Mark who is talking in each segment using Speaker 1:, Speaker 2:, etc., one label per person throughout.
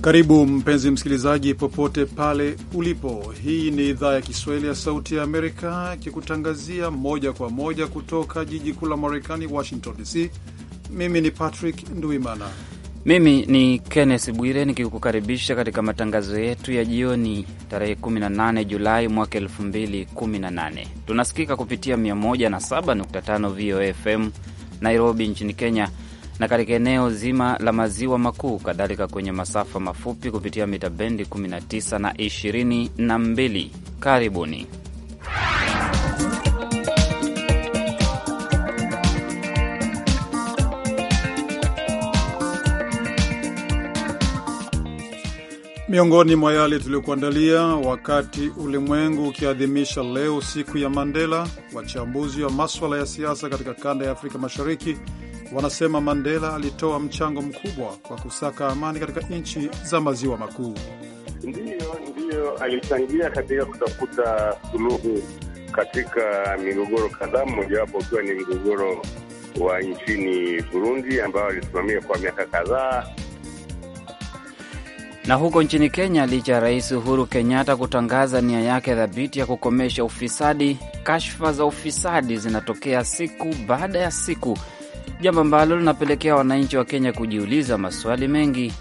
Speaker 1: Karibu mpenzi msikilizaji, popote pale ulipo. Hii ni idhaa ya Kiswahili ya Sauti ya Amerika ikikutangazia moja kwa moja kutoka jiji kuu la Marekani, Washington DC. Mimi ni Patrick Nduimana.
Speaker 2: Mimi ni Kenneth Bwire nikikukaribisha katika matangazo yetu ya jioni tarehe 18 Julai mwaka 2018. Tunasikika kupitia 107.5 VOA FM Nairobi nchini Kenya na katika eneo zima la maziwa makuu, kadhalika kwenye masafa mafupi kupitia mita bendi 19 na 22. Karibuni.
Speaker 1: Miongoni mwa yale tuliokuandalia, wakati ulimwengu ukiadhimisha leo siku ya Mandela, wachambuzi wa maswala ya siasa katika kanda ya Afrika Mashariki wanasema Mandela alitoa mchango mkubwa kwa kusaka amani katika nchi za maziwa makuu.
Speaker 3: Ndiyo, ndiyo, alichangia katika kutafuta suluhu katika migogoro kadhaa, mmojawapo ukiwa ni mgogoro wa nchini Burundi ambayo alisimamia kwa miaka kadhaa.
Speaker 2: Na huko nchini Kenya, licha ya Rais Uhuru Kenyatta kutangaza nia yake thabiti ya kukomesha ufisadi, kashfa za ufisadi zinatokea siku baada ya siku jambo ambalo linapelekea wananchi wa Kenya kujiuliza maswali mengi.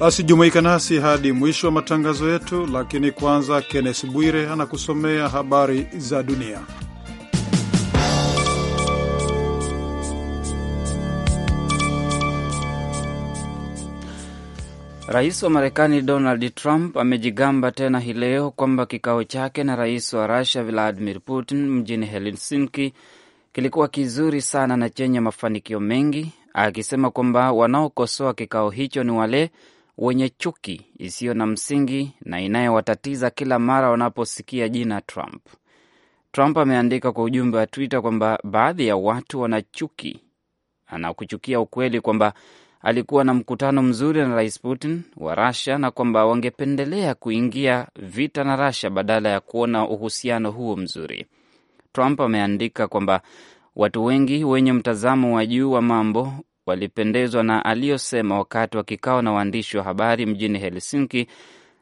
Speaker 1: Basi jumuika nasi hadi mwisho wa matangazo yetu, lakini kwanza, Kennes Bwire anakusomea habari za dunia.
Speaker 2: Rais wa Marekani Donald Trump amejigamba tena hii leo kwamba kikao chake na rais wa Rusia Vladimir Putin mjini Helsinki kilikuwa kizuri sana na chenye mafanikio mengi, akisema kwamba wanaokosoa kikao hicho ni wale wenye chuki isiyo na msingi na inayowatatiza kila mara wanaposikia jina Trump. Trump ameandika kwa ujumbe wa Twitter kwamba baadhi ya watu wanachuki, anakuchukia ukweli kwamba alikuwa na mkutano mzuri na Rais Putin wa Russia na kwamba wangependelea kuingia vita na rasha badala ya kuona uhusiano huo mzuri. Trump ameandika kwamba watu wengi wenye mtazamo wa juu wa mambo walipendezwa na aliyosema wakati wa kikao na waandishi wa habari mjini Helsinki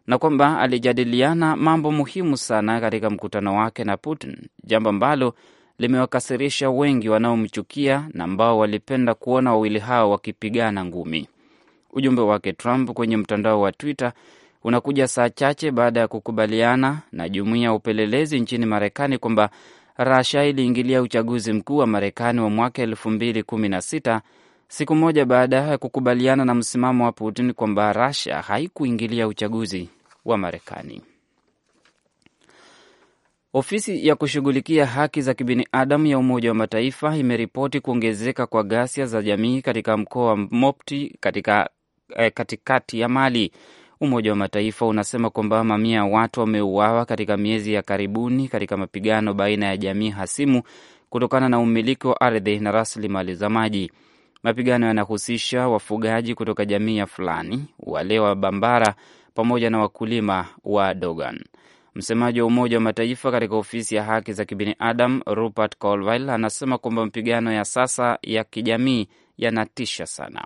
Speaker 2: na kwamba alijadiliana mambo muhimu sana katika mkutano wake na Putin, jambo ambalo limewakasirisha wengi wanaomchukia na ambao walipenda kuona wawili hao wakipigana ngumi. Ujumbe wake Trump kwenye mtandao wa Twitter unakuja saa chache baada ya kukubaliana na jumuiya ya upelelezi nchini Marekani kwamba Rasia iliingilia uchaguzi mkuu wa Marekani wa mwaka elfu mbili kumi na sita siku moja baada ya kukubaliana na msimamo wa Putin kwamba Rasia haikuingilia uchaguzi wa Marekani. Ofisi ya kushughulikia haki za kibinadamu ya Umoja wa Mataifa imeripoti kuongezeka kwa ghasia za jamii katika mkoa wa Mopti katika, eh, katikati ya Mali. Umoja wa Mataifa unasema kwamba mamia ya watu wameuawa katika miezi ya karibuni katika mapigano baina ya jamii hasimu kutokana na umiliki wa ardhi na rasilimali za maji. Mapigano yanahusisha wafugaji kutoka jamii ya Fulani, wale wa Bambara pamoja na wakulima wa Dogon. Msemaji wa Umoja wa Mataifa katika ofisi ya haki za kibinadamu Rupert Colville anasema kwamba mapigano ya sasa ya kijamii yanatisha sana.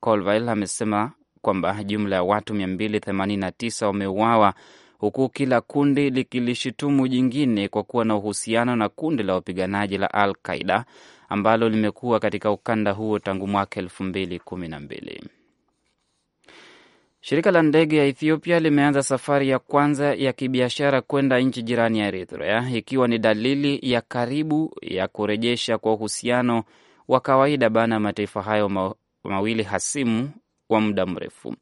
Speaker 2: Colville amesema kwamba jumla ya watu 289 wameuawa huku kila kundi likilishutumu jingine kwa kuwa na uhusiano na kundi la wapiganaji la Al Qaida ambalo limekuwa katika ukanda huo tangu mwaka elfu mbili kumi na mbili. Shirika la ndege ya Ethiopia limeanza safari ya kwanza ya kibiashara kwenda nchi jirani ya Eritrea, ikiwa ni dalili ya karibu ya kurejesha kwa uhusiano wa kawaida baina ya mataifa hayo mawili hasimu kwa muda mrefu.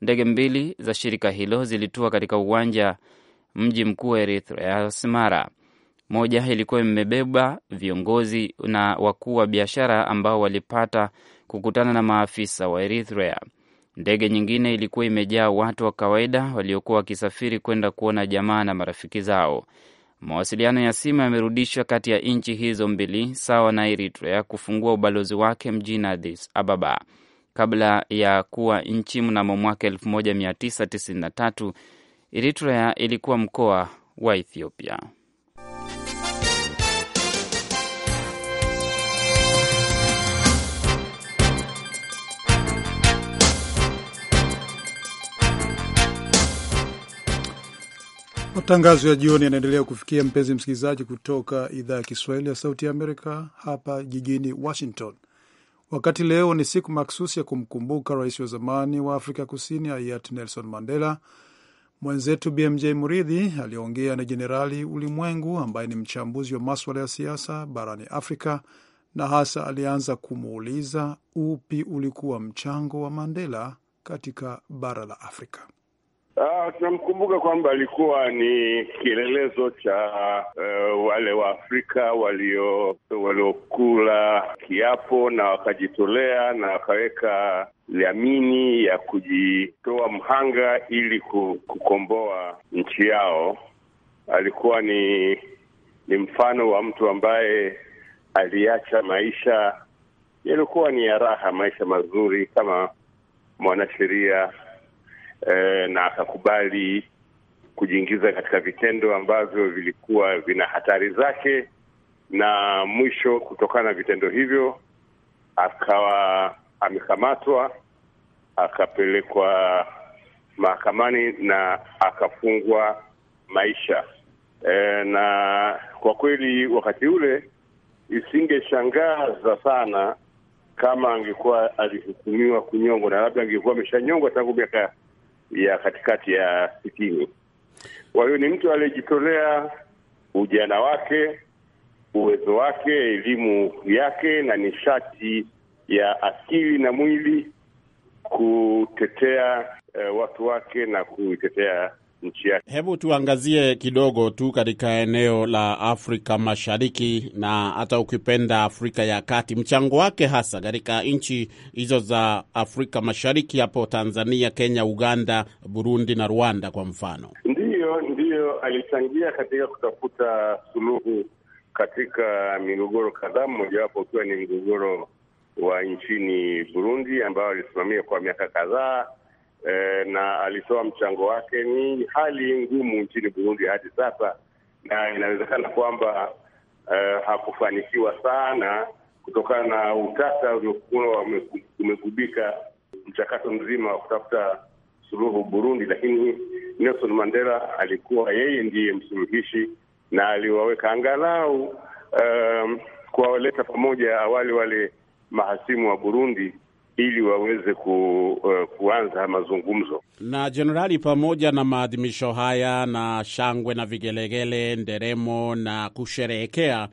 Speaker 2: Ndege mbili za shirika hilo zilitua katika uwanja mji mkuu wa Eritrea, Asmara. Moja ilikuwa imebeba viongozi na wakuu wa biashara ambao walipata kukutana na maafisa wa Eritrea. Ndege nyingine ilikuwa imejaa watu wa kawaida waliokuwa wakisafiri kwenda kuona jamaa na marafiki zao. Mawasiliano ya simu yamerudishwa kati ya nchi hizo mbili, sawa na Eritrea kufungua ubalozi wake mjini Addis Ababa kabla ya kuwa nchi mnamo mwaka 1993 Eritrea ilikuwa mkoa wa Ethiopia.
Speaker 1: Matangazo ya jioni yanaendelea kufikia mpenzi msikilizaji, kutoka idhaa ya Kiswahili ya Sauti ya Amerika hapa jijini Washington. Wakati leo ni siku maksusi ya kumkumbuka rais wa zamani wa Afrika Kusini hayati Nelson Mandela, mwenzetu BMJ Muridhi aliongea na Jenerali Ulimwengu ambaye ni mchambuzi wa maswala ya siasa barani Afrika, na hasa alianza kumuuliza upi ulikuwa mchango wa Mandela katika bara la Afrika.
Speaker 3: Uh, tunamkumbuka kwamba alikuwa ni kielelezo cha uh, wale wa Afrika walio waliokula kiapo na wakajitolea na wakaweka dhamini ya kujitoa mhanga ili kukomboa nchi yao. Alikuwa ni ni mfano wa mtu ambaye aliacha maisha yalikuwa ni ya raha, maisha mazuri kama mwanasheria e, na akakubali kujiingiza katika vitendo ambavyo vilikuwa vina hatari zake, na mwisho, kutokana na vitendo hivyo, akawa amekamatwa akapelekwa mahakamani na akafungwa maisha e, na kwa kweli wakati ule isingeshangaza sana kama angekuwa alihukumiwa kunyongwa, na labda angekuwa ameshanyongwa tangu miaka ya katikati ya sitini. Kwa hiyo ni mtu aliyejitolea ujana wake, uwezo wake, elimu yake na nishati ya akili na mwili kutetea eh, watu wake na kuitetea nchi yake.
Speaker 4: Hebu tuangazie kidogo tu katika eneo la Afrika Mashariki na hata ukipenda Afrika ya Kati, mchango wake hasa katika nchi hizo za Afrika Mashariki, hapo Tanzania, Kenya, Uganda, Burundi na Rwanda kwa mfano.
Speaker 3: Ndiyo, ndiyo, alichangia katika kutafuta suluhu katika migogoro kadhaa, mmojawapo ukiwa ni mgogoro wa nchini Burundi ambao alisimamia kwa miaka kadhaa e, na alitoa mchango wake. Ni hali ngumu nchini Burundi hadi sasa, na inawezekana kwamba e, hakufanikiwa sana kutokana na utata uliokuwa umegubika mchakato mzima wa kutafuta suluhu Burundi, lakini Nelson Mandela alikuwa yeye ndiye msuluhishi na aliwaweka angalau um, kuwaleta pamoja awali wale mahasimu wa Burundi ili waweze ku, uh, kuanza mazungumzo
Speaker 4: na jenerali. Pamoja na maadhimisho haya na shangwe na vigelegele, nderemo na kusherehekea,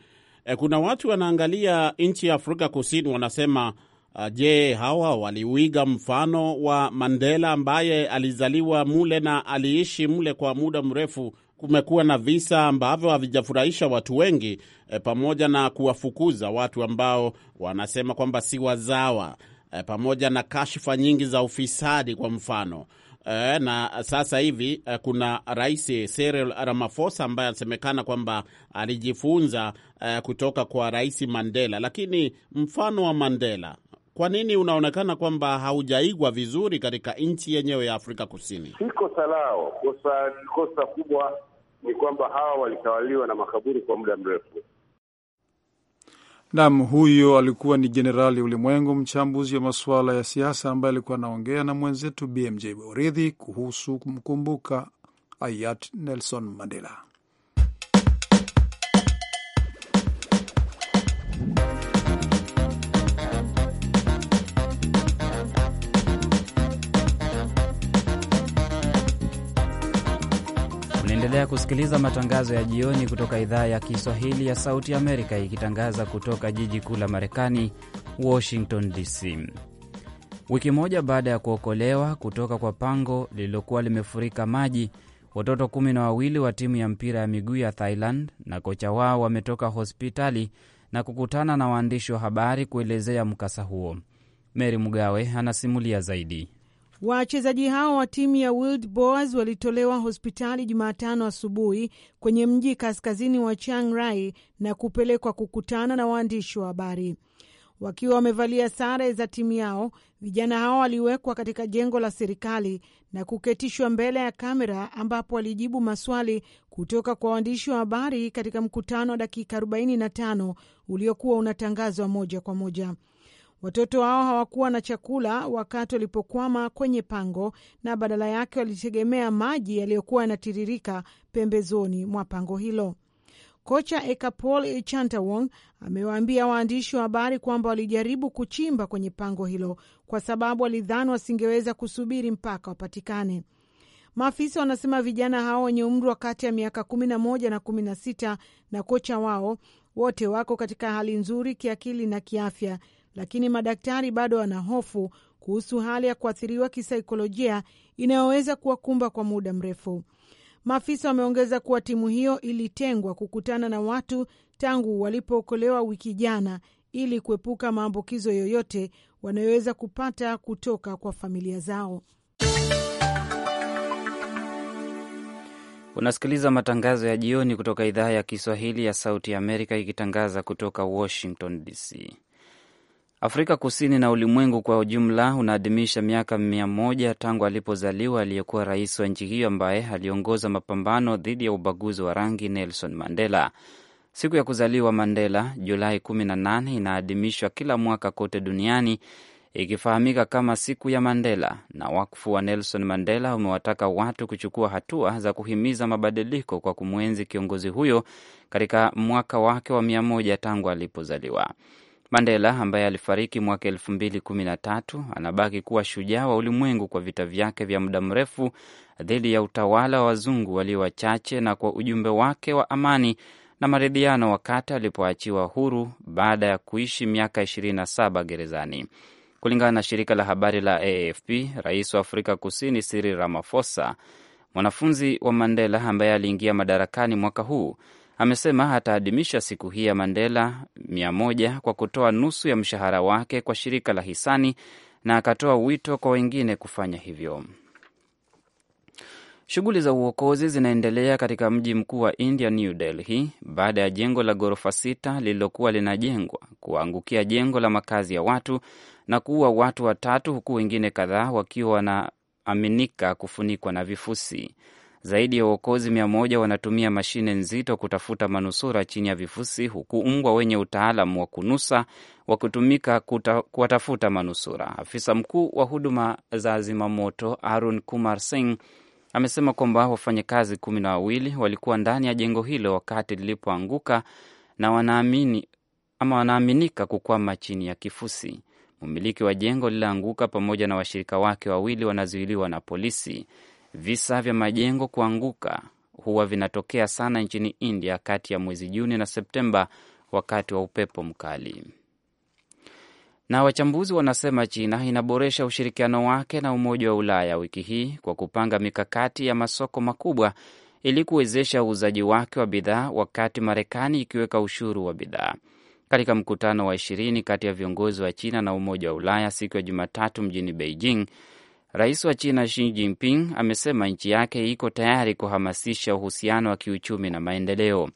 Speaker 4: eh, kuna watu wanaangalia nchi ya Afrika Kusini wanasema, uh, je, hawa waliuiga mfano wa Mandela ambaye alizaliwa mule na aliishi mule kwa muda mrefu. Kumekuwa na visa ambavyo havijafurahisha watu wengi, e, pamoja na kuwafukuza watu ambao wanasema kwamba si wazawa eh, pamoja na kashfa nyingi za ufisadi kwa mfano eh, na sasa hivi eh, kuna Rais Cyril Ramaphosa ambaye anasemekana kwamba alijifunza eh, kutoka kwa Rais Mandela. Lakini mfano wa Mandela kwa nini unaonekana kwamba haujaigwa vizuri katika nchi yenyewe ya Afrika
Speaker 1: Kusini?
Speaker 3: Si kosa lao, kosa kosa kubwa ni kwamba hawa walitawaliwa na makaburi kwa muda mrefu.
Speaker 1: Nam huyo alikuwa ni Jenerali Ulimwengu, mchambuzi wa masuala ya siasa, ambaye alikuwa anaongea na mwenzetu BMJ Boridhi kuhusu kumkumbuka ayat Nelson Mandela.
Speaker 2: Unaendelea kusikiliza matangazo ya jioni kutoka idhaa ya Kiswahili ya Sauti Amerika ikitangaza kutoka jiji kuu la Marekani, Washington DC. Wiki moja baada ya kuokolewa kutoka kwa pango lililokuwa limefurika maji, watoto kumi na wawili wa timu ya mpira ya miguu ya Thailand na kocha wao wametoka hospitali na kukutana na waandishi wa habari kuelezea mkasa huo. Mary Mugawe anasimulia zaidi.
Speaker 5: Wachezaji hao wa timu ya Wild Boars walitolewa hospitali Jumatano asubuhi kwenye mji kaskazini wa Chiang Rai na kupelekwa kukutana na waandishi wa habari wakiwa wamevalia sare za timu yao. Vijana hao waliwekwa katika jengo la serikali na kuketishwa mbele ya kamera, ambapo walijibu maswali kutoka kwa waandishi wa habari katika mkutano wa dakika 45 uliokuwa unatangazwa moja kwa moja. Watoto hao hawakuwa na chakula wakati walipokwama kwenye pango, na badala yake walitegemea maji yaliyokuwa yanatiririka pembezoni mwa pango hilo. Kocha Ekapol Chantawong amewaambia waandishi wa habari kwamba walijaribu kuchimba kwenye pango hilo kwa sababu walidhani wasingeweza kusubiri mpaka wapatikane. Maafisa wanasema vijana hao wenye umri wa kati ya miaka kumi na moja na kumi na sita na kocha wao wote wako katika hali nzuri kiakili na kiafya, lakini madaktari bado wana hofu kuhusu hali ya kuathiriwa kisaikolojia inayoweza kuwakumba kwa muda mrefu. Maafisa wameongeza kuwa timu hiyo ilitengwa kukutana na watu tangu walipookolewa wiki jana ili kuepuka maambukizo yoyote wanayoweza kupata kutoka kwa familia zao.
Speaker 2: Unasikiliza matangazo ya jioni kutoka idhaa ya Kiswahili ya Sauti ya Amerika ikitangaza kutoka Washington DC. Afrika Kusini na ulimwengu kwa ujumla unaadhimisha miaka mia moja tangu alipozaliwa aliyekuwa rais wa nchi hiyo ambaye aliongoza mapambano dhidi ya ubaguzi wa rangi Nelson Mandela. Siku ya kuzaliwa Mandela, Julai 18, inaadhimishwa kila mwaka kote duniani ikifahamika kama siku ya Mandela, na wakfu wa Nelson Mandela umewataka watu kuchukua hatua za kuhimiza mabadiliko kwa kumwenzi kiongozi huyo katika mwaka wake wa mia moja tangu alipozaliwa. Mandela ambaye alifariki mwaka elfu mbili kumi na tatu anabaki kuwa shujaa wa ulimwengu kwa vita vyake vya muda mrefu dhidi ya utawala wa wazungu walio wachache na kwa ujumbe wake wa amani na maridhiano wakati alipoachiwa huru baada ya kuishi miaka 27 gerezani. Kulingana na shirika la habari la AFP, rais wa Afrika Kusini Cyril Ramaphosa, mwanafunzi wa Mandela ambaye aliingia madarakani mwaka huu amesema ataadhimisha siku hii ya Mandela mia moja kwa kutoa nusu ya mshahara wake kwa shirika la hisani na akatoa wito kwa wengine kufanya hivyo. Shughuli za uokozi zinaendelea katika mji mkuu wa India, New Delhi, baada ya jengo la ghorofa sita lililokuwa linajengwa kuangukia jengo la makazi ya watu na kuua watu watatu, huku wengine kadhaa wakiwa wanaaminika kufunikwa na vifusi. Zaidi ya uokozi mia moja wanatumia mashine nzito kutafuta manusura chini ya vifusi, huku mbwa wenye utaalamu wa kunusa wakitumika kuwatafuta manusura. Afisa mkuu wa huduma za zimamoto Arun Kumar Singh amesema kwamba wafanyakazi kumi na wawili walikuwa ndani ya jengo hilo wakati lilipoanguka na wanaamini ama wanaaminika kukwama chini ya kifusi. Mmiliki wa jengo lililoanguka pamoja na washirika wake wawili wanazuiliwa na polisi. Visa vya majengo kuanguka huwa vinatokea sana nchini India kati ya mwezi Juni na Septemba wakati wa upepo mkali. Na wachambuzi wanasema China inaboresha ushirikiano wake na Umoja wa Ulaya wiki hii kwa kupanga mikakati ya masoko makubwa ili kuwezesha uuzaji wake wa bidhaa, wakati Marekani ikiweka ushuru wa bidhaa. Katika mkutano wa ishirini kati ya viongozi wa China na Umoja wa Ulaya siku ya Jumatatu mjini Beijing, Rais wa China Xi Jinping amesema nchi yake iko tayari kuhamasisha uhusiano wa kiuchumi na maendeleo.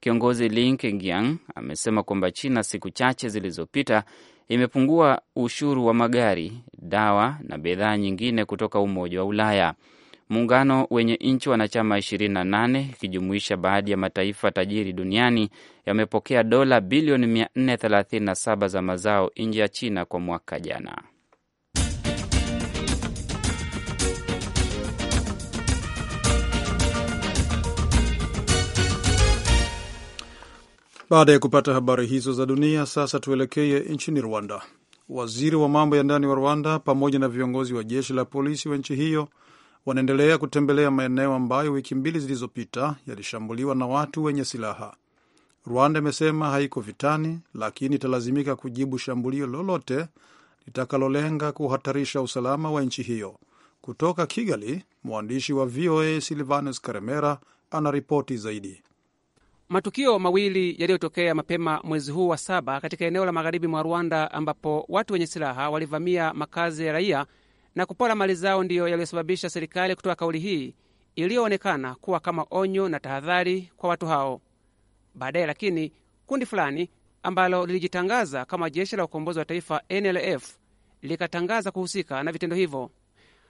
Speaker 2: Kiongozi Lin Kengiang amesema kwamba China siku chache zilizopita imepungua ushuru wa magari, dawa na bidhaa nyingine kutoka Umoja wa Ulaya. Muungano wenye nchi wanachama 28 ikijumuisha baadhi ya mataifa tajiri duniani yamepokea dola bilioni 437 za mazao nje ya China kwa mwaka jana.
Speaker 1: Baada ya kupata habari hizo za dunia, sasa tuelekee nchini Rwanda. Waziri wa mambo ya ndani wa Rwanda pamoja na viongozi wa jeshi la polisi wa nchi hiyo wanaendelea kutembelea maeneo ambayo wiki mbili zilizopita yalishambuliwa na watu wenye silaha. Rwanda imesema haiko vitani, lakini italazimika kujibu shambulio lolote litakalolenga kuhatarisha usalama wa nchi hiyo. Kutoka Kigali, mwandishi wa VOA Silvanus Karemera anaripoti zaidi.
Speaker 6: Matukio mawili yaliyotokea mapema mwezi huu wa saba katika eneo la magharibi mwa Rwanda, ambapo watu wenye silaha walivamia makazi ya raia na kupora mali zao, ndiyo yaliyosababisha serikali kutoa kauli hii iliyoonekana kuwa kama onyo na tahadhari kwa watu hao. Baadaye lakini kundi fulani ambalo lilijitangaza kama jeshi la ukombozi wa taifa NLF likatangaza kuhusika na vitendo hivyo.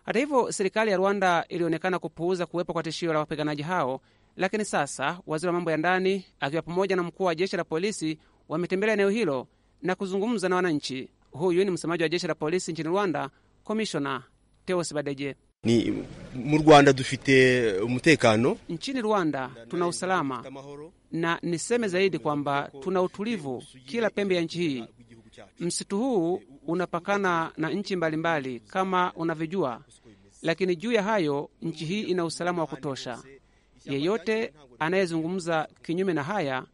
Speaker 6: Hata hivyo, serikali ya Rwanda ilionekana kupuuza kuwepo kwa tishio la wapiganaji hao lakini sasa waziri wa mambo ya ndani akiwa pamoja na mkuu wa jeshi la polisi wametembelea eneo hilo na kuzungumza na wananchi. Huyu ni msemaji wa jeshi la polisi nchini Rwanda, Komishona Teos Badeje.
Speaker 4: Ni mu Rwanda dufite umutekano,
Speaker 6: nchini Rwanda tuna usalama, na niseme zaidi kwamba tuna utulivu kila pembe ya nchi hii. Msitu huu unapakana na nchi mbalimbali kama unavyojua, lakini juu ya hayo, nchi hii ina usalama wa kutosha. Yeyote anayezungumza kinyume na haya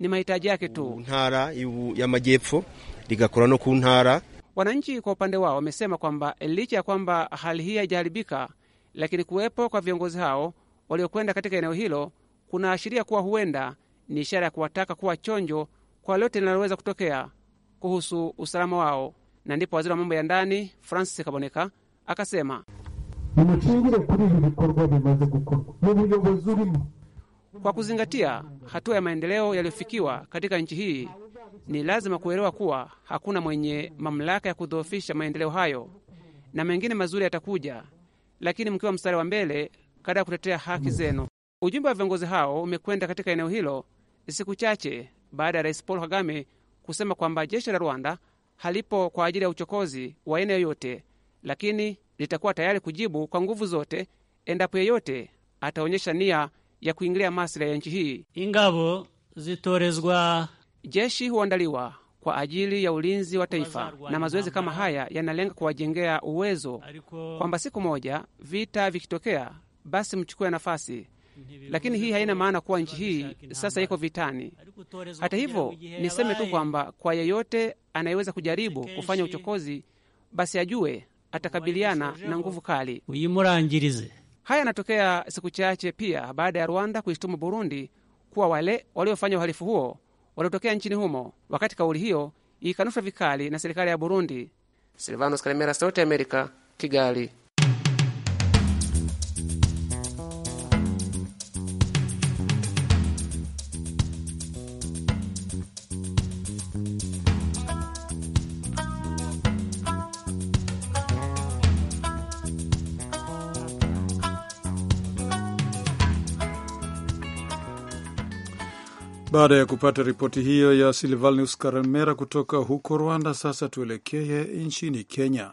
Speaker 6: ni mahitaji yake tu.
Speaker 7: ntara ya majepfo ligakora no ku ntara.
Speaker 6: Wananchi kwa upande wao wamesema kwamba licha ya kwamba hali hii haijaharibika, lakini kuwepo kwa viongozi hao waliokwenda katika eneo hilo kunaashiria kuwa huenda ni ishara ya kuwataka kuwa chonjo kwa lote linaloweza kutokea kuhusu usalama wao, na ndipo waziri wa mambo ya ndani Francis Kaboneka akasema nimucungire kuri ibi bikorwa bimaze gukorwa mu urimo. Kwa kuzingatia hatua ya maendeleo yaliyofikiwa katika nchi hii, ni lazima kuelewa kuwa hakuna mwenye mamlaka ya kudhoofisha maendeleo hayo, na mengine mazuri yatakuja, lakini mkiwa mstari wa mbele katika kutetea haki zenu. Ujumbe wa viongozi hao umekwenda katika eneo hilo siku chache baada ya Rais Paul Kagame kusema kwamba jeshi la Rwanda halipo kwa ajili ya uchokozi wa aina yoyote, lakini litakuwa tayari kujibu kwa nguvu zote endapo yeyote ataonyesha nia ya kuingilia maslahi ya nchi hii. Ingabo zitorezwa, jeshi huandaliwa kwa ajili ya ulinzi wa taifa, na mazoezi kama haya yanalenga kuwajengea uwezo kwamba siku moja vita vikitokea, basi mchukue nafasi. Lakini hii haina maana kuwa nchi hii sasa iko vitani. Hata hivyo, niseme tu kwamba kwa yeyote anayeweza kujaribu kufanya uchokozi, basi ajue atakabiliana na nguvu kali. Uyimurangirize. Haya yanatokea siku chache pia baada ya Rwanda kuishtumu Burundi kuwa wale waliofanya uhalifu huo waliotokea nchini humo, wakati kauli hiyo ikanushwa vikali na serikali ya Burundi. Silvanos Kalemera, Sauti ya Amerika, Kigali.
Speaker 1: Baada ya kupata ripoti hiyo ya Silvanus Karemera kutoka huko Rwanda, sasa tuelekee nchini Kenya.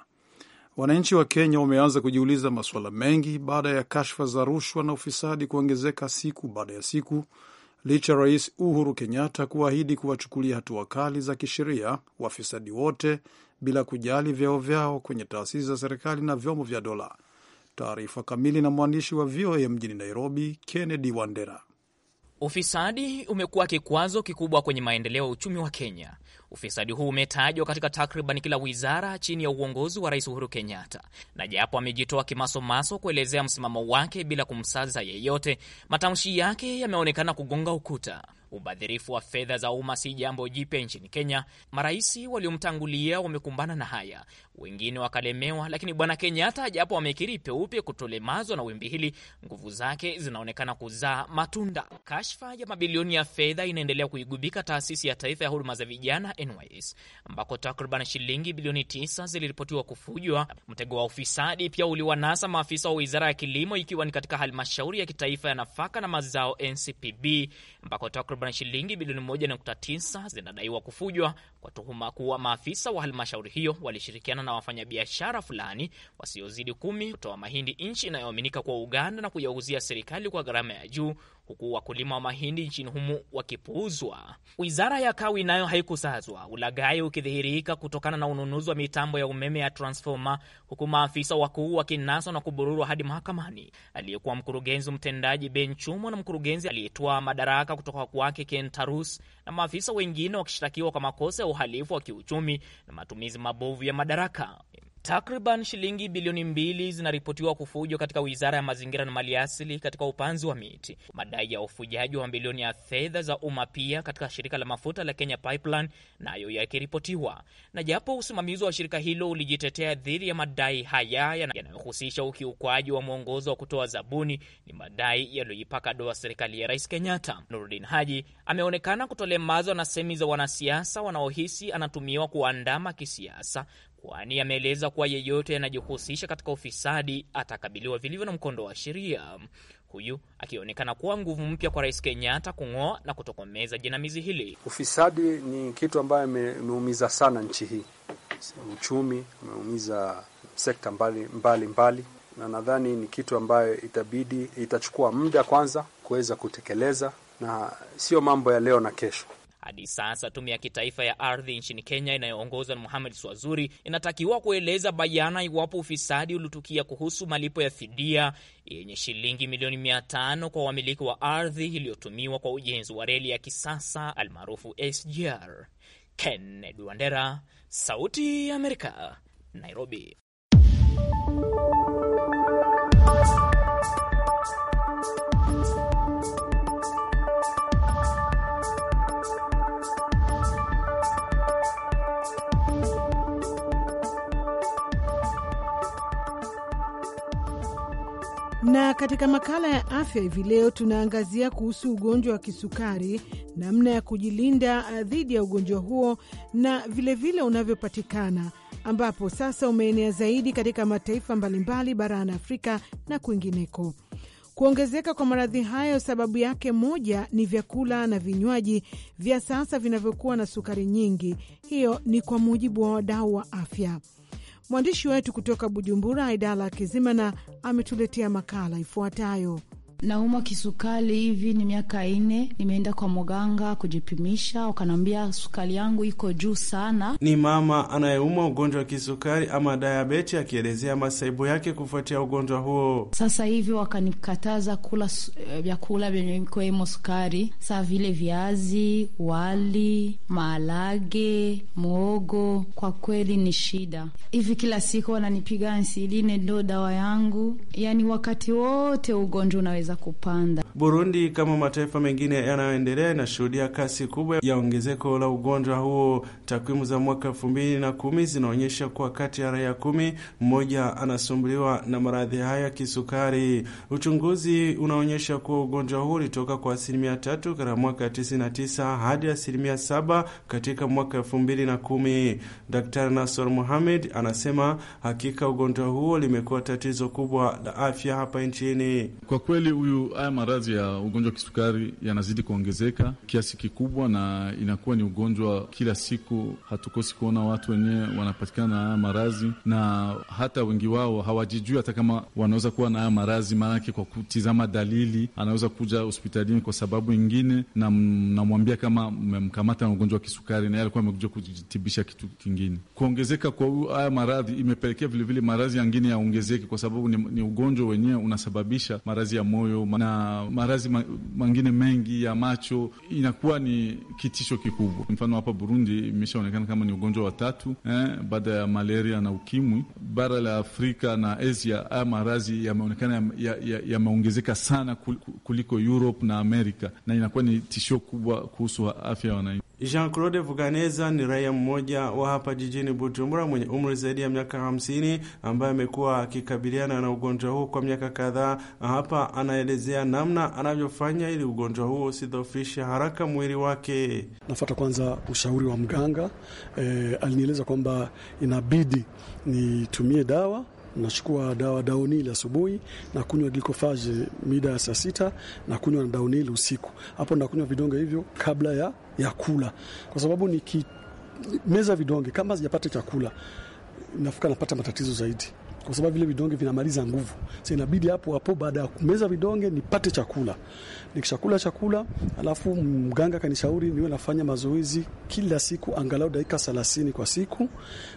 Speaker 1: Wananchi wa Kenya wameanza kujiuliza masuala mengi baada ya kashfa za rushwa na ufisadi kuongezeka siku baada ya siku, licha Rais Uhuru Kenyatta kuahidi kuwachukulia hatua kali za kisheria wafisadi wote bila kujali vyao vyao kwenye taasisi za serikali na vyombo vya dola. Taarifa kamili na mwandishi wa VOA mjini Nairobi, Kennedy Wandera.
Speaker 8: Ufisadi umekuwa kikwazo kikubwa kwenye maendeleo ya uchumi wa Kenya. Ufisadi huu umetajwa katika takriban kila wizara chini ya uongozi wa Rais Uhuru Kenyatta, na japo amejitoa kimasomaso kuelezea msimamo wake bila kumsaza yeyote, matamshi yake yameonekana kugonga ukuta. Ubadhirifu wa fedha za umma si jambo jipya nchini Kenya. Marais waliomtangulia wamekumbana na haya, wengine wakalemewa, lakini Bwana Kenyatta japo amekiri peupe kutolemazwa na wimbi hili, nguvu zake zinaonekana kuzaa matunda. Kashfa ya mabilioni ya fedha inaendelea kuigubika taasisi ya taifa ya huduma za vijana NYS ambako takriban shilingi bilioni tisa ziliripotiwa kufujwa. Mtego wa ufisadi pia uliwanasa maafisa wa wizara ya kilimo, ikiwa ni katika halmashauri ya kitaifa ya nafaka na mazao NCPB, ambako takriban shilingi bilioni 1.9 zinadaiwa kufujwa kwa tuhuma kuwa maafisa wa halmashauri hiyo walishirikiana na wafanyabiashara fulani wasiozidi kumi kutoa mahindi nchi inayoaminika kwa Uganda na kuyauzia serikali kwa gharama ya juu huku wakulima wa mahindi nchini humo wakipuuzwa. Wizara ya kawi nayo haikusazwa, ulagai ukidhihirika kutokana na ununuzi wa mitambo ya umeme ya transfoma, huku maafisa wakuu wakinaswa na kubururwa hadi mahakamani. Aliyekuwa mkurugenzi mtendaji Ben Chumo na mkurugenzi aliyetoa madaraka kutoka kwake Ken Tarus na maafisa wengine wakishtakiwa kwa makosa ya uhalifu wa kiuchumi na matumizi mabovu ya madaraka. Takriban shilingi bilioni mbili zinaripotiwa kufujwa katika wizara ya mazingira na maliasili katika upanzi wa miti. Madai ya ufujaji wa mabilioni ya fedha za umma pia katika shirika la mafuta la Kenya Pipeline nayo na yakiripotiwa, na japo usimamizi wa shirika hilo ulijitetea dhidi ya madai haya yanayohusisha ukiukwaji wa mwongozo wa kutoa zabuni, ni madai yaliyoipaka doa serikali ya Rais Kenyatta. Nurudin Haji ameonekana kutolemazwa na semi za wanasiasa wanaohisi anatumiwa kuandama kisiasa kwani ameeleza kuwa yeyote anajihusisha katika ufisadi atakabiliwa vilivyo na mkondo wa sheria, huyu akionekana kuwa nguvu mpya kwa Rais Kenyatta kung'oa na kutokomeza jinamizi hili.
Speaker 1: Ufisadi ni kitu ambayo imeumiza sana nchi hii, uchumi umeumiza sekta mbalimbali mbali, mbali na nadhani ni kitu ambayo itabidi itachukua muda kwanza kuweza kutekeleza, na sio mambo ya leo na kesho.
Speaker 8: Hadi sasa tume ya kitaifa ya ardhi nchini Kenya inayoongozwa na Muhamed Swazuri inatakiwa kueleza bayana iwapo ufisadi ulitukia kuhusu malipo ya fidia yenye shilingi milioni mia tano kwa wamiliki wa ardhi iliyotumiwa kwa ujenzi wa reli ya kisasa almaarufu SGR. Kennedy Wandera, Sauti ya Amerika, Nairobi.
Speaker 5: katika makala ya afya hivi leo tunaangazia kuhusu ugonjwa wa kisukari, namna ya kujilinda eh, dhidi ya ugonjwa huo na vilevile unavyopatikana, ambapo sasa umeenea zaidi katika mataifa mbalimbali barani Afrika na kwingineko. Kuongezeka kwa maradhi hayo, sababu yake moja ni vyakula na vinywaji vya sasa vinavyokuwa na sukari nyingi. Hiyo ni kwa mujibu wa wadau wa afya. Mwandishi wetu kutoka Bujumbura, ya Kizimana, ametuletea makala ifuatayo naumwa kisukali hivi, ni miaka ine. Nimeenda kwa mganga kujipimisha, wakaniambia sukari yangu iko juu sana.
Speaker 9: Ni mama anayeumwa ugonjwa wa kisukari ama diabeti, akielezea masaibu yake kufuatia ugonjwa huo.
Speaker 5: Sasa hivi wakanikataza kula eh, vyakula vyenye ikiwemo sukari, saa vile viazi, wali, maalage, mwogo. Kwa kweli ni shida hivi, kila siku wananipiga ansiline, ndo dawa yangu. Yani wakati wote ugonjwa unaweza kuweza kupanda.
Speaker 9: Burundi kama mataifa mengine yanayoendelea inashuhudia kasi kubwa ya ongezeko la ugonjwa huo. Takwimu za mwaka elfu mbili na kumi zinaonyesha kuwa kati ya raia kumi mmoja anasumbuliwa na maradhi haya ya kisukari. Uchunguzi unaonyesha kuwa ugonjwa huo ulitoka kwa asilimia tatu katika mwaka 99 hadi asilimia saba katika mwaka elfu mbili na kumi. Daktari Nasor Mohamed anasema hakika ugonjwa huo limekuwa tatizo kubwa la afya hapa nchini.
Speaker 10: Kwa kweli huyu haya maradhi ya ugonjwa wa kisukari yanazidi kuongezeka kiasi kikubwa, na inakuwa ni ugonjwa kila siku. Hatukosi kuona watu wenyewe wanapatikana na haya maradhi, na hata wengi wao hawajijui hata kama wanaweza kuwa na haya maradhi, maanake kwa kutizama dalili anaweza kuja hospitalini kwa sababu ingine, na namwambia kama mmemkamata na ugonjwa wa kisukari, na yeye alikuwa amekuja kujitibisha kitu kingine. Kuongezeka kwa huyu haya maradhi imepelekea vilevile maradhi yangine yaongezeke, kwa sababu ni, ni ugonjwa wenyewe unasababisha maradhi ya moyo moyo na maradhi mengine mengi ya macho, inakuwa ni kitisho kikubwa. Mfano hapa Burundi imeshaonekana kama ni ugonjwa wa tatu eh, baada ya malaria na ukimwi. Bara la Afrika na Asia, haya maradhi yameonekana yameongezeka ya, ya sana kuliko Europe na Amerika, na inakuwa ni tishio kubwa kuhusu afya ya wananchi.
Speaker 9: Jean Claude Vuganeza ni raia mmoja wa hapa jijini Bujumbura mwenye umri zaidi ya miaka 50 ambaye amekuwa akikabiliana na ugonjwa huu kwa miaka kadhaa. Hapa ana anaelezea namna anavyofanya ili ugonjwa huo usidhofishe haraka
Speaker 1: mwili wake. Nafata kwanza ushauri wa mganga e, alinieleza kwamba inabidi nitumie dawa Nachukua dawa daunili asubuhi na kunywa glikofaji mida ya saa sita na kunywa na daunili usiku. Hapo nakunywa vidonge hivyo kabla ya, ya kula, kwa sababu nikimeza vidonge kama sijapata chakula nafuka napata matatizo zaidi kwa sababu vile vidonge vinamaliza nguvu. Sasa inabidi hapo hapo baada ya kumeza vidonge nipate chakula. Nikishakula chakula, alafu mganga kanishauri niwe nafanya mazoezi kila siku angalau dakika 30 kwa siku,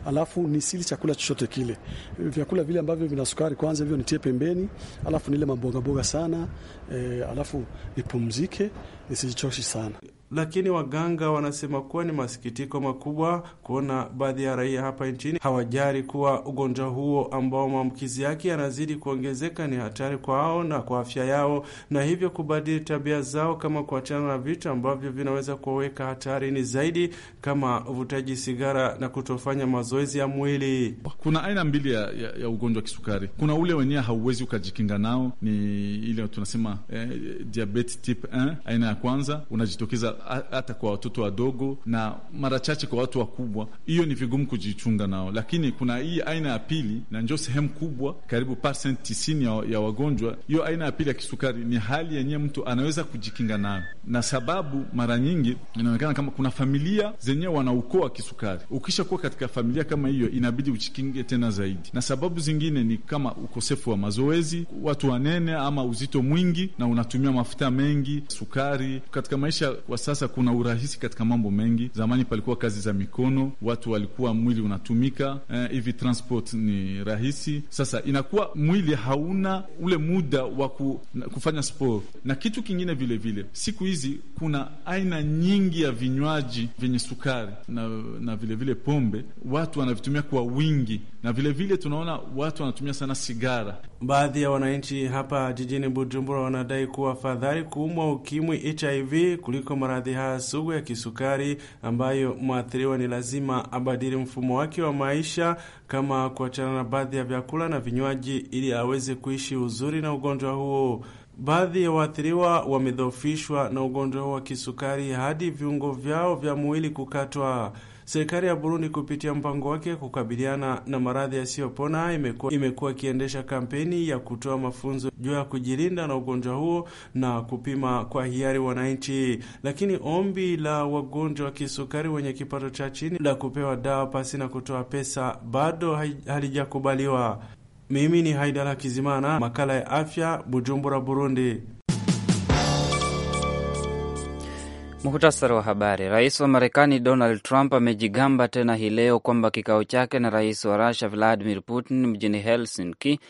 Speaker 1: alafu nisili chakula chochote kile. Vyakula vile ambavyo vina sukari kwanza hivyo nitie pembeni, alafu nile mamboga boga sana, e, alafu nipumzike, nisijichoshi sana
Speaker 9: lakini waganga wanasema kuwa ni masikitiko makubwa kuona baadhi ya raia hapa nchini hawajari kuwa ugonjwa huo ambao maambukizi yake yanazidi kuongezeka ni hatari kwao na kwa afya yao, na hivyo kubadili tabia zao, kama kuachana na vitu ambavyo vinaweza kuwaweka hatarini zaidi, kama uvutaji sigara na kutofanya mazoezi ya mwili. Kuna aina mbili ya, ya, ya ugonjwa wa kisukari.
Speaker 10: Kuna ule wenyewe hauwezi ukajikinga nao, ni ile tunasema eh, diabetes type 1 aina ya kwanza, unajitokeza hata kwa watoto wadogo na mara chache kwa watu wakubwa, hiyo ni vigumu kujichunga nao. Lakini kuna hii aina ya pili, na njo sehemu kubwa, karibu pasenti tisini ya, ya wagonjwa. Hiyo aina ya pili ya kisukari ni hali yenye mtu anaweza kujikinga nayo, na sababu mara nyingi inaonekana kama kuna familia zenyewe wana ukoo wa kisukari. Ukishakuwa katika familia kama hiyo, inabidi ujikinge tena zaidi, na sababu zingine ni kama ukosefu wa mazoezi, watu wanene ama uzito mwingi, na unatumia mafuta mengi, sukari katika maisha wa sasa kuna urahisi katika mambo mengi. Zamani palikuwa kazi za mikono, watu walikuwa mwili unatumika eh, hivi, eh, transport ni rahisi. Sasa inakuwa mwili hauna ule muda wa kufanya sport. Na kitu kingine vile vile, siku hizi kuna aina nyingi ya vinywaji vyenye sukari na, na vile vile pombe, watu wanavitumia
Speaker 9: kwa wingi na vile vile tunaona watu wanatumia sana sigara. Baadhi ya wananchi hapa jijini Bujumbura wanadai kuwa afadhali kuumwa ukimwi HIV kuliko maradhi haya sugu ya kisukari, ambayo mwathiriwa ni lazima abadili mfumo wake wa maisha, kama kuachana na baadhi ya vyakula na vinywaji, ili aweze kuishi uzuri na ugonjwa huo. Baadhi ya waathiriwa wamedhoofishwa na ugonjwa huo wa kisukari hadi viungo vyao vya mwili kukatwa. Serikali ya Burundi kupitia mpango wake kukabiliana na maradhi yasiyopona imekuwa imekuwa ikiendesha kampeni ya kutoa mafunzo juu ya kujilinda na ugonjwa huo na kupima kwa hiari wananchi. Lakini ombi la wagonjwa wa kisukari wenye kipato cha chini la kupewa dawa pasi na kutoa pesa bado halijakubaliwa. Mimi ni Haidara Kizimana, makala ya afya, Bujumbura, Burundi.
Speaker 2: Muhtasari wa habari. Rais wa Marekani Donald Trump amejigamba tena hii leo kwamba kikao chake na rais wa Rusia Vladimir Putin mjini Helsinki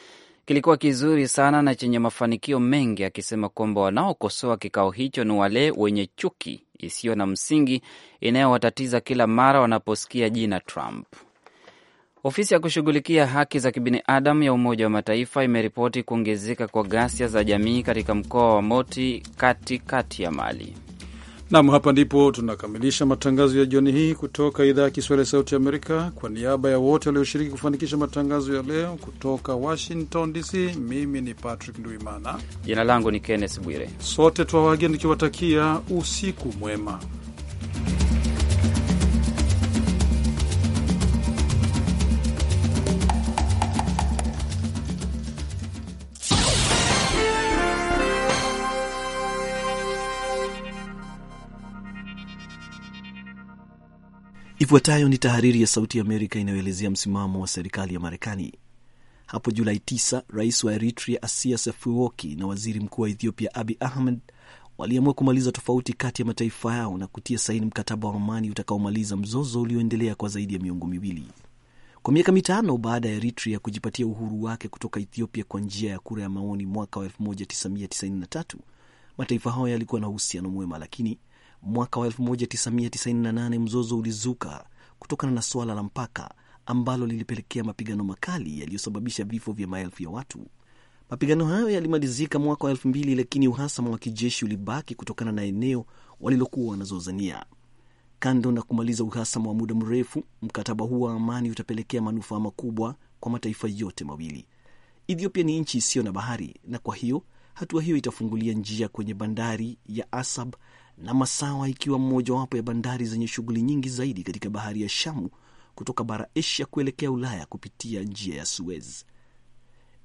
Speaker 2: kilikuwa kizuri sana na chenye mafanikio mengi, akisema kwamba wanaokosoa kikao hicho ni wale wenye chuki isiyo na msingi inayowatatiza kila mara wanaposikia jina Trump. Ofisi ya kushughulikia haki za kibinadamu ya Umoja wa Mataifa imeripoti kuongezeka kwa ghasia za jamii katika mkoa wa Moti katikati kati ya Mali.
Speaker 1: Nam, hapa ndipo tunakamilisha matangazo ya jioni hii kutoka idhaa ya Kiswahili ya Sauti Amerika. Kwa niaba ya wote walioshiriki kufanikisha matangazo ya leo kutoka Washington DC, mimi ni Patrick Nduimana,
Speaker 2: jina langu ni Kenneth Bwire,
Speaker 1: sote twa tukiwatakia usiku mwema.
Speaker 7: Ifuatayo ni tahariri ya Sauti ya Amerika inayoelezea msimamo wa serikali ya Marekani. Hapo Julai 9 rais wa Eritrea Asia Sefuoki na waziri mkuu wa Ethiopia Abi Ahmed waliamua kumaliza tofauti kati ya mataifa yao na kutia saini mkataba wa amani utakaomaliza mzozo ulioendelea kwa zaidi ya miongo miwili. Kwa miaka mitano baada ya Eritrea kujipatia uhuru wake kutoka Ethiopia kwa njia ya kura ya maoni mwaka wa 1993, mataifa hayo yalikuwa na uhusiano mwema, lakini Mwaka wa 1998 mzozo ulizuka kutokana na suala la mpaka ambalo lilipelekea mapigano makali yaliyosababisha vifo vya maelfu ya watu. Mapigano hayo yalimalizika mwaka wa elfu mbili, lakini uhasama wa kijeshi ulibaki kutokana na eneo walilokuwa wanazozania. Kando na kumaliza uhasama wa muda mrefu, mkataba huu wa amani utapelekea manufaa makubwa kwa mataifa yote mawili. Ethiopia ni nchi isiyo na bahari, na kwa hiyo hatua hiyo itafungulia njia kwenye bandari ya Asab na Masawa ikiwa mmojawapo ya bandari zenye shughuli nyingi zaidi katika bahari ya Shamu kutoka bara Asia kuelekea Ulaya kupitia njia ya Suez.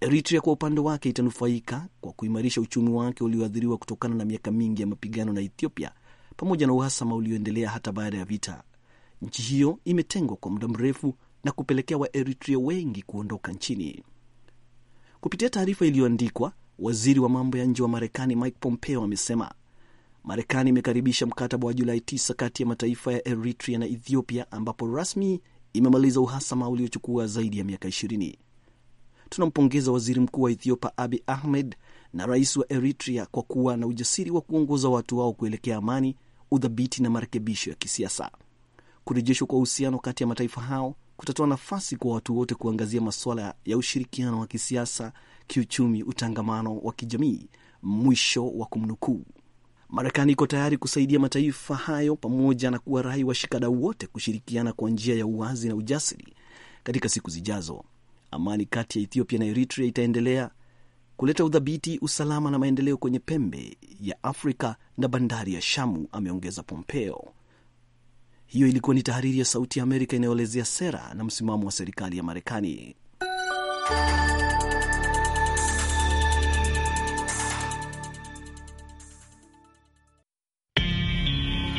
Speaker 7: Eritrea kwa upande wake itanufaika kwa kuimarisha uchumi wake ulioathiriwa kutokana na miaka mingi ya mapigano na Ethiopia pamoja na uhasama ulioendelea hata baada ya vita. Nchi hiyo imetengwa kwa muda mrefu na kupelekea Waeritrea wengi kuondoka nchini. Kupitia taarifa iliyoandikwa, waziri wa mambo ya nje wa Marekani Mike Pompeo amesema Marekani imekaribisha mkataba wa Julai 9 kati ya mataifa ya Eritrea na Ethiopia, ambapo rasmi imemaliza uhasama uliochukua zaidi ya miaka 20. Tunampongeza waziri mkuu wa Ethiopia abi Ahmed na rais wa Eritrea kwa kuwa na ujasiri wa kuongoza watu wao kuelekea amani, udhabiti na marekebisho ya kisiasa. Kurejeshwa kwa uhusiano kati ya mataifa hao kutatoa nafasi kwa watu wote kuangazia masuala ya ushirikiano wa kisiasa, kiuchumi, utangamano wa kijamii. Mwisho wa kumnukuu. Marekani iko tayari kusaidia mataifa hayo pamoja na kuwarai washikadau wote kushirikiana kwa njia ya uwazi na ujasiri katika siku zijazo. Amani kati ya Ethiopia na Eritrea itaendelea kuleta udhabiti, usalama na maendeleo kwenye pembe ya Afrika na bandari ya Shamu, ameongeza Pompeo. Hiyo ilikuwa ni tahariri ya Sauti ya Amerika inayoelezea sera na msimamo wa serikali ya Marekani.